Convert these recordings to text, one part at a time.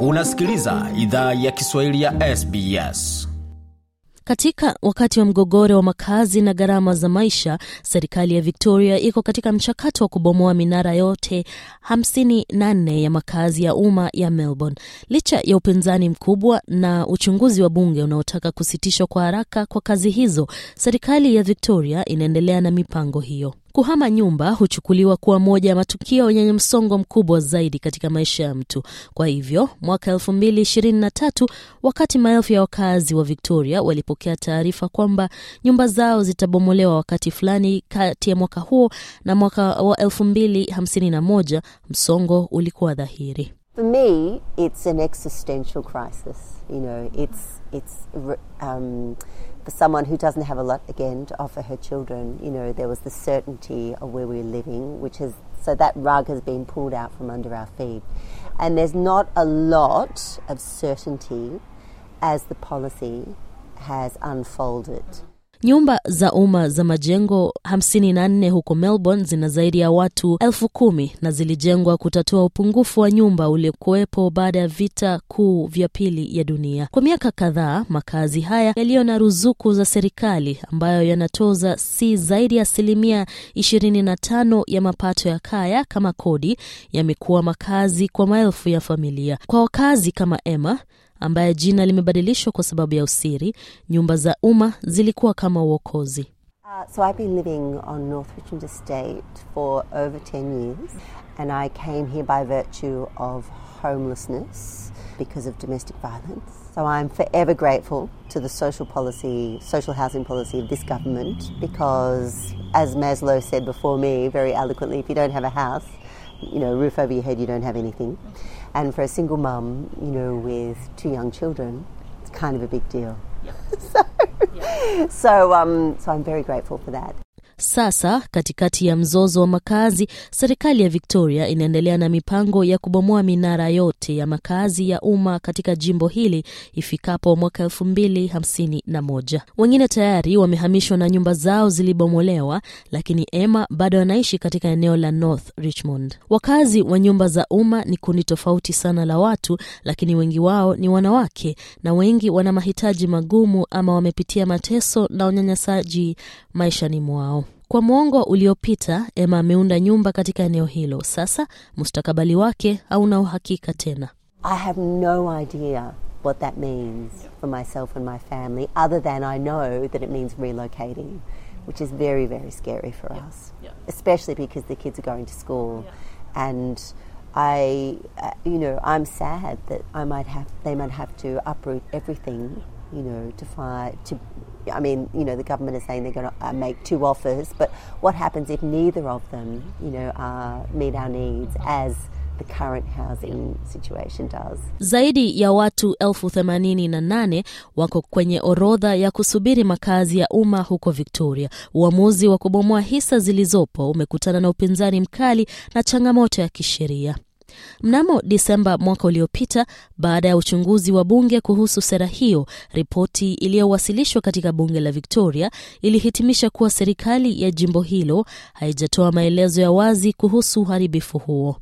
Unasikiliza idhaa ya Kiswahili ya SBS. Katika wakati wa mgogoro wa makazi na gharama za maisha, serikali ya Victoria iko katika mchakato wa kubomoa minara yote 54 ya makazi ya umma ya Melbourne, licha ya upinzani mkubwa na uchunguzi wa bunge unaotaka kusitishwa kwa haraka kwa kazi hizo. Serikali ya Victoria inaendelea na mipango hiyo. Kuhama nyumba huchukuliwa kuwa moja ya matukio yenye msongo mkubwa zaidi katika maisha ya mtu. Kwa hivyo mwaka tatu, wakati maelfu ya wakazi wa Victoria walipokea taarifa kwamba nyumba zao zitabomolewa wakati fulani kati ya mwaka huo na mwaka wa 2051, msongo ulikuwa dhahiri. For me, it's an existential crisis. You know, it's, it's, um... someone who doesn't have a lot again to offer her children. You know, there was the certainty of where we were living, which has so that rug has been pulled out from under our feet, and there's not a lot of certainty as the policy has unfolded. Nyumba za umma za majengo 54 huko Melbourne zina zaidi ya watu elfu kumi na zilijengwa kutatua upungufu wa nyumba uliokuwepo baada ya vita kuu vya pili ya dunia. Kwa miaka kadhaa, makazi haya yaliyo na ruzuku za serikali ambayo yanatoza si zaidi ya asilimia 25 ya mapato ya kaya kama kodi, yamekuwa makazi kwa maelfu ya familia. Kwa wakazi kama Emma ambaye jina limebadilishwa kwa sababu ya usiri, nyumba za umma zilikuwa kama uokozi. Uh, so I've been living on North Richmond Estate for over 10 years and I came here by virtue of homelessness because of domestic violence. So I'm forever grateful to the social policy, social housing policy of this government because as Maslow said before me very eloquently, if you don't have a house, you know, roof over your head, you don't have anything. And for a single mum, you know, with two young children, it's kind of a big deal. Yep. so, yep. so, um, so I'm very grateful for that. Sasa katikati ya mzozo wa makazi, serikali ya Victoria inaendelea na mipango ya kubomoa minara yote ya makazi ya umma katika jimbo hili ifikapo mwaka elfu mbili hamsini na moja. Wengine tayari wamehamishwa na nyumba zao zilibomolewa, lakini Emma bado anaishi katika eneo la North Richmond. Wakazi wa nyumba za umma ni kundi tofauti sana la watu, lakini wengi wao ni wanawake na wengi wana mahitaji magumu ama wamepitia mateso na unyanyasaji maishani mwao. Kwa mwongo uliopita, ema ameunda nyumba katika eneo hilo. Sasa mustakabali wake hauna uhakika tena. I have no idea what that means for myself and my family other than I know that it means relocating which is very very scary for yeah. us yeah. especially because the kids are going to school yeah. and I uh, you know I'm sad that I might have they might have to uproot everything you know, to fire to. I mean, you know, the government is saying they're going to uh, make two offers, but what happens if neither of them, you know, uh, meet our needs as the current housing situation does. Zaidi ya watu elfu themanini na nane wako kwenye orodha ya kusubiri makazi ya umma huko Victoria. Uamuzi wa kubomoa hisa zilizopo umekutana na upinzani mkali na changamoto ya kisheria. Mnamo Disemba mwaka uliopita, baada ya uchunguzi wa bunge kuhusu sera hiyo, ripoti iliyowasilishwa katika bunge la Victoria ilihitimisha kuwa serikali ya jimbo hilo haijatoa maelezo ya wazi kuhusu uharibifu huo.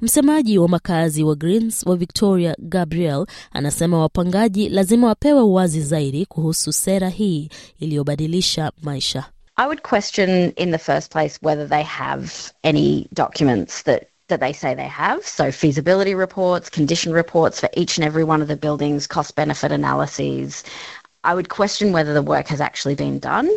Msemaji wa makazi wa Greens wa Victoria, Gabriel, anasema wapangaji lazima wapewe uwazi zaidi kuhusu sera hii iliyobadilisha maisha. I would question in the first place whether they have any documents that that they say they have. So feasibility reports, condition reports for each and every one of the buildings, cost benefit analyses. I would question whether the work has actually been done.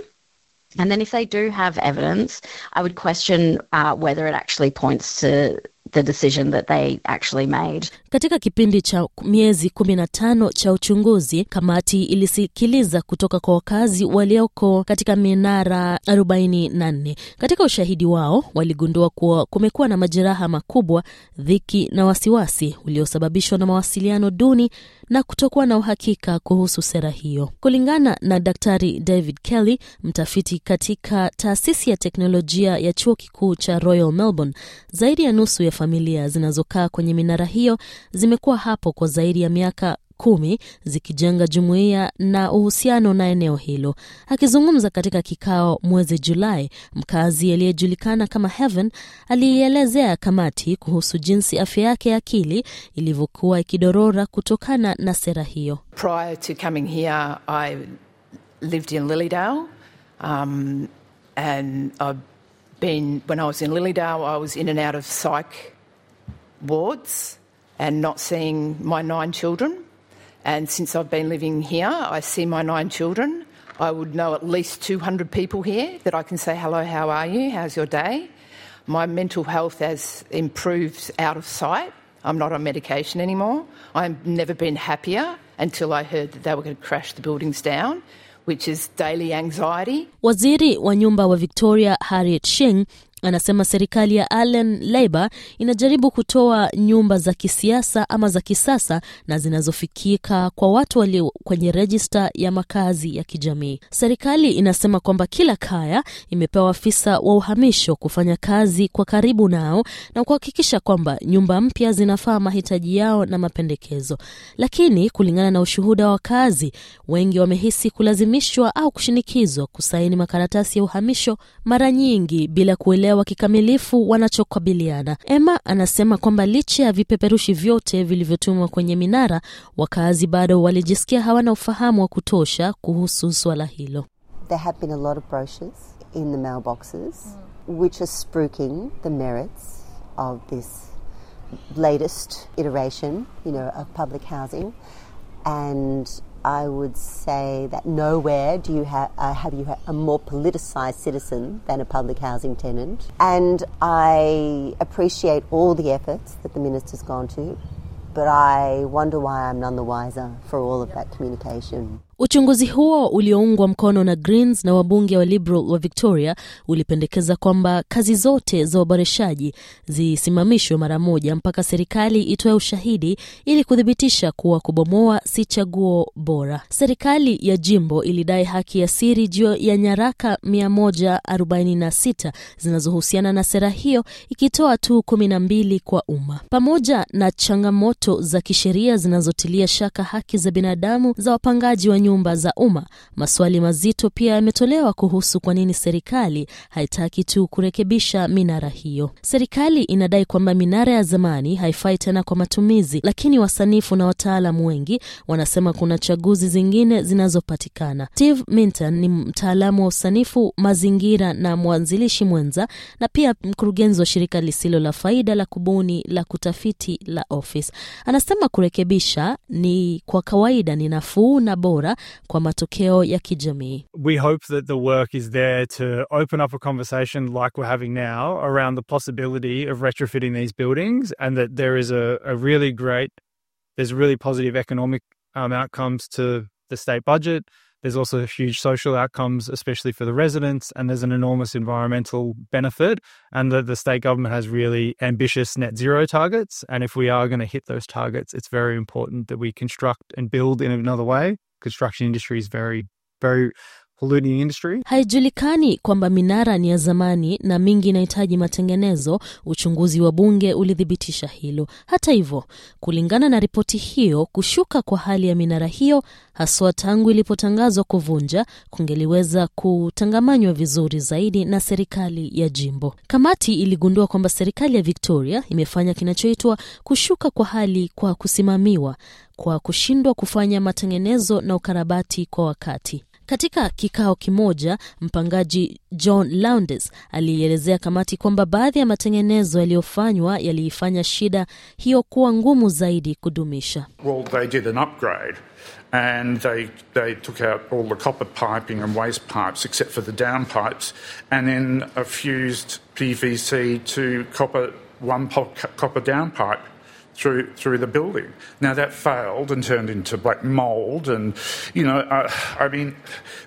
And then if they do have evidence, I would question uh, whether it actually points to the decision that they actually made. Katika kipindi cha miezi kumi na tano cha uchunguzi, kamati ilisikiliza kutoka kwa wakazi walioko katika minara 44. Katika ushahidi wao waligundua kuwa kumekuwa na majeraha makubwa, dhiki na wasiwasi uliosababishwa na mawasiliano duni na kutokuwa na uhakika kuhusu sera hiyo. Kulingana na Daktari David Kelly, mtafiti katika taasisi ya teknolojia ya chuo kikuu cha Royal Melbourne, zaidi ya nusu ya familia zinazokaa kwenye minara hiyo zimekuwa hapo kwa zaidi ya miaka kumi zikijenga jumuiya na uhusiano na eneo hilo. Akizungumza katika kikao mwezi Julai, mkazi aliyejulikana kama Heaven aliielezea kamati kuhusu jinsi afya yake ya akili ilivyokuwa ikidorora kutokana na sera hiyo. Prior to coming here, I lived in um, and been, when I was in Lilydale, I was in and out of psych wards and not seeing my nine children. And since I've been living here, I see my nine children. I would know at least 200 people here that I can say, hello, how are you? How's your day? My mental health has improved out of sight. I'm not on medication anymore. I've never been happier until I heard that they were going to crash the buildings down which is daily anxiety. Waziri wa nyumba wa Victoria Harriet Sheng Anasema serikali ya Allen labor inajaribu kutoa nyumba za kisiasa ama za kisasa na zinazofikika kwa watu walio kwenye rejista ya makazi ya kijamii. Serikali inasema kwamba kila kaya imepewa afisa wa uhamisho kufanya kazi kwa karibu nao na kuhakikisha kwamba nyumba mpya zinafaa mahitaji yao na mapendekezo. Lakini kulingana na ushuhuda wa kazi wengi wamehisi kulazimishwa au kushinikizwa kusaini makaratasi ya uhamisho mara nyingi bila kuelewa kuelewa kikamilifu wanachokabiliana. Emma anasema kwamba licha ya vipeperushi vyote vilivyotumwa kwenye minara, wakazi bado walijisikia hawana ufahamu wa kutosha kuhusu swala hilo. There have been a lot of brochures in the mailboxes which are the merits of this latest iteration, you know, of public housing and I would say that nowhere do you have uh, have you a more politicised citizen than a public housing tenant, and I appreciate all the efforts that the minister's gone to, but I wonder why I'm none the wiser for all of that communication. Uchunguzi huo ulioungwa mkono na Greens na wabunge wa Liberal wa Victoria ulipendekeza kwamba kazi zote za uboreshaji zisimamishwe mara moja mpaka serikali itoe ushahidi ili kuthibitisha kuwa kubomoa si chaguo bora. Serikali ya jimbo ilidai haki ya siri juu ya nyaraka 146 zinazohusiana na sera hiyo, ikitoa tu kumi na mbili kwa umma. Pamoja na changamoto za kisheria zinazotilia shaka haki za binadamu za wapangaji wa nyumba za umma. Maswali mazito pia yametolewa kuhusu kwa nini serikali haitaki tu kurekebisha minara hiyo. Serikali inadai kwamba minara ya zamani haifai tena kwa matumizi, lakini wasanifu na wataalamu wengi wanasema kuna chaguzi zingine zinazopatikana. Steve Minton ni mtaalamu wa usanifu, mazingira na mwanzilishi mwenza na pia mkurugenzi wa shirika lisilo la faida la kubuni la kutafiti la Office. Anasema kurekebisha ni kwa kawaida ni nafuu na bora kwa matokeo ya kijamii. We hope that the work is there to open up a conversation like we're having now around the possibility of retrofitting these buildings and that there is a, a really great, there's really positive economic um, outcomes to the state budget. There's also huge social outcomes, especially for the residents, and there's an enormous environmental benefit. And the, the state government has really ambitious net zero targets. And if we are going to hit those targets, it's very important that we construct and build in another way construction industry is very, very Haijulikani kwamba minara ni ya zamani na mingi inahitaji matengenezo. Uchunguzi wa bunge ulithibitisha hilo. Hata hivyo, kulingana na ripoti hiyo, kushuka kwa hali ya minara hiyo haswa tangu ilipotangazwa kuvunja kungeliweza kutangamanywa vizuri zaidi na serikali ya jimbo. Kamati iligundua kwamba serikali ya Victoria imefanya kinachoitwa kushuka kwa hali kwa kusimamiwa kwa kushindwa kufanya matengenezo na ukarabati kwa wakati. Katika kikao kimoja, mpangaji John Lowndes alielezea kamati kwamba baadhi ya matengenezo yaliyofanywa yaliifanya shida hiyo kuwa ngumu zaidi kudumisha. Well, they did an upgrade and they, they took out all the copper piping and waste pipes except for the down pipes and then fused PVC to copper, one copper down pipe. through through the building. Now that failed and turned into black mould, and you know, uh, I mean,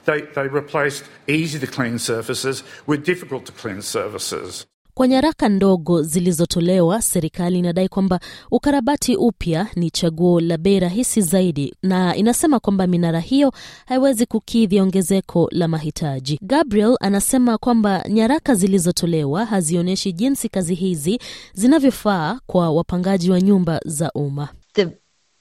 they they replaced easy to clean surfaces with difficult to clean surfaces. Kwa nyaraka ndogo zilizotolewa, serikali inadai kwamba ukarabati upya ni chaguo la bei rahisi zaidi, na inasema kwamba minara hiyo haiwezi kukidhi ongezeko la mahitaji. Gabriel anasema kwamba nyaraka zilizotolewa hazionyeshi jinsi kazi hizi zinavyofaa kwa wapangaji wa nyumba za umma. The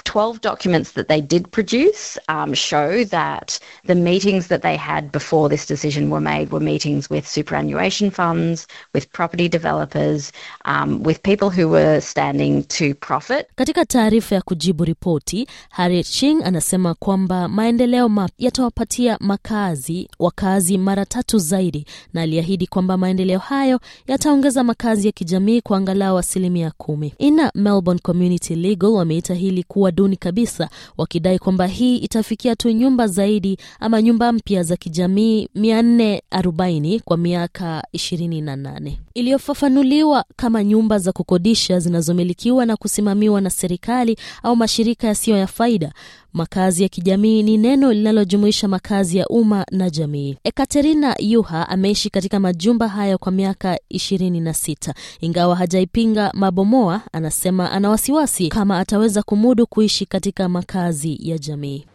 12 documents that they did produce um, show that the meetings that they had before this decision were made were meetings with superannuation funds, with property developers, um, with people who were standing to profit. Katika taarifa ya kujibu ripoti, Harriet Ching anasema kwamba maendeleo mapya yatawapatia makazi wakazi mara tatu zaidi, na aliahidi kwamba maendeleo hayo yataongeza makazi ya kijamii kwa angalau asilimia kumi. Ina Melbourne Community Legal wameita hili kuwa duni kabisa, wakidai kwamba hii itafikia tu nyumba zaidi ama nyumba mpya za kijamii 440 kwa miaka 28 iliyofafanuliwa kama nyumba za kukodisha zinazomilikiwa na kusimamiwa na serikali au mashirika yasiyo ya faida. Makazi ya kijamii ni neno linalojumuisha makazi ya umma na jamii. Ekaterina Yuha ameishi katika majumba hayo kwa miaka ishirini na sita. Ingawa hajaipinga mabomoa, anasema ana wasiwasi kama ataweza kumudu kuishi katika makazi ya jamii.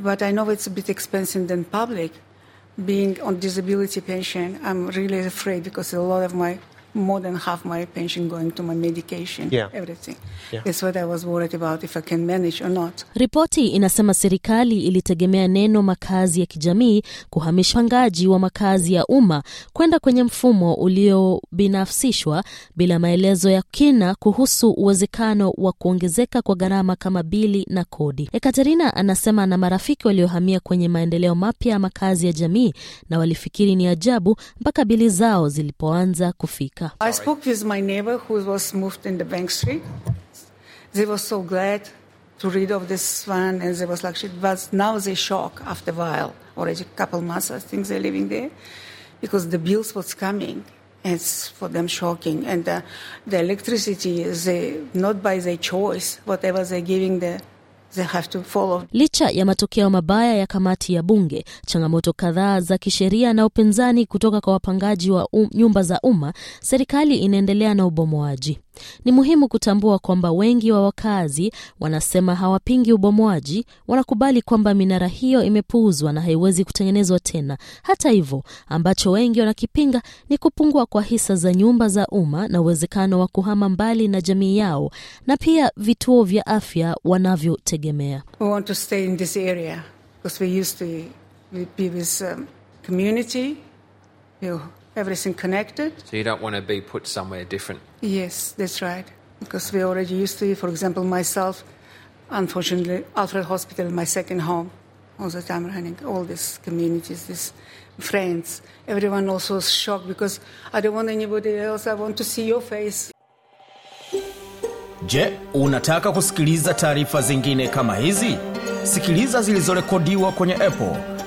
But I know it's a bit expensive than public. being on disability pension, I'm really afraid because a lot of my more than half my pension going to my medication yeah. everything yeah. that's what I was worried about if I can manage or not. Ripoti inasema serikali ilitegemea neno makazi ya kijamii kuhamisha pangaji wa makazi ya umma kwenda kwenye mfumo uliobinafsishwa bila maelezo ya kina kuhusu uwezekano wa kuongezeka kwa gharama kama bili na kodi. Ekaterina anasema na marafiki waliohamia kwenye maendeleo mapya ya makazi ya jamii na walifikiri ni ajabu mpaka bili zao zilipoanza kufika. I spoke with my neighbor who was moved in the Bank Street. They were so glad to read of this one, and they was like, shit, but now they shock after a while, already a couple months, I think they're living there, because the bills was coming. It's for them shocking. And uh, the electricity, they, not by their choice, whatever they're giving the They have to follow. Licha ya matokeo mabaya ya kamati ya bunge, changamoto kadhaa za kisheria na upinzani kutoka kwa wapangaji wa um, nyumba za umma, serikali inaendelea na ubomoaji. Ni muhimu kutambua kwamba wengi wa wakazi wanasema hawapingi ubomoaji, wanakubali kwamba minara hiyo imepuuzwa na haiwezi kutengenezwa tena. Hata hivyo, ambacho wengi wanakipinga ni kupungua kwa hisa za nyumba za umma na uwezekano wa kuhama mbali na jamii yao na pia vituo vya afya wanavyotegemea. We everything connected. So you don't want to be put somewhere different. Yes, that's right. Because we already used to, for example, myself, unfortunately, Alfred Hospital, my second home, all the time running, all these communities, these friends. Everyone also was shocked because I don't want anybody else, I want to see your face. Je, unataka kusikiliza taarifa zingine kama hizi? Sikiliza zilizorekodiwa kwenye Apple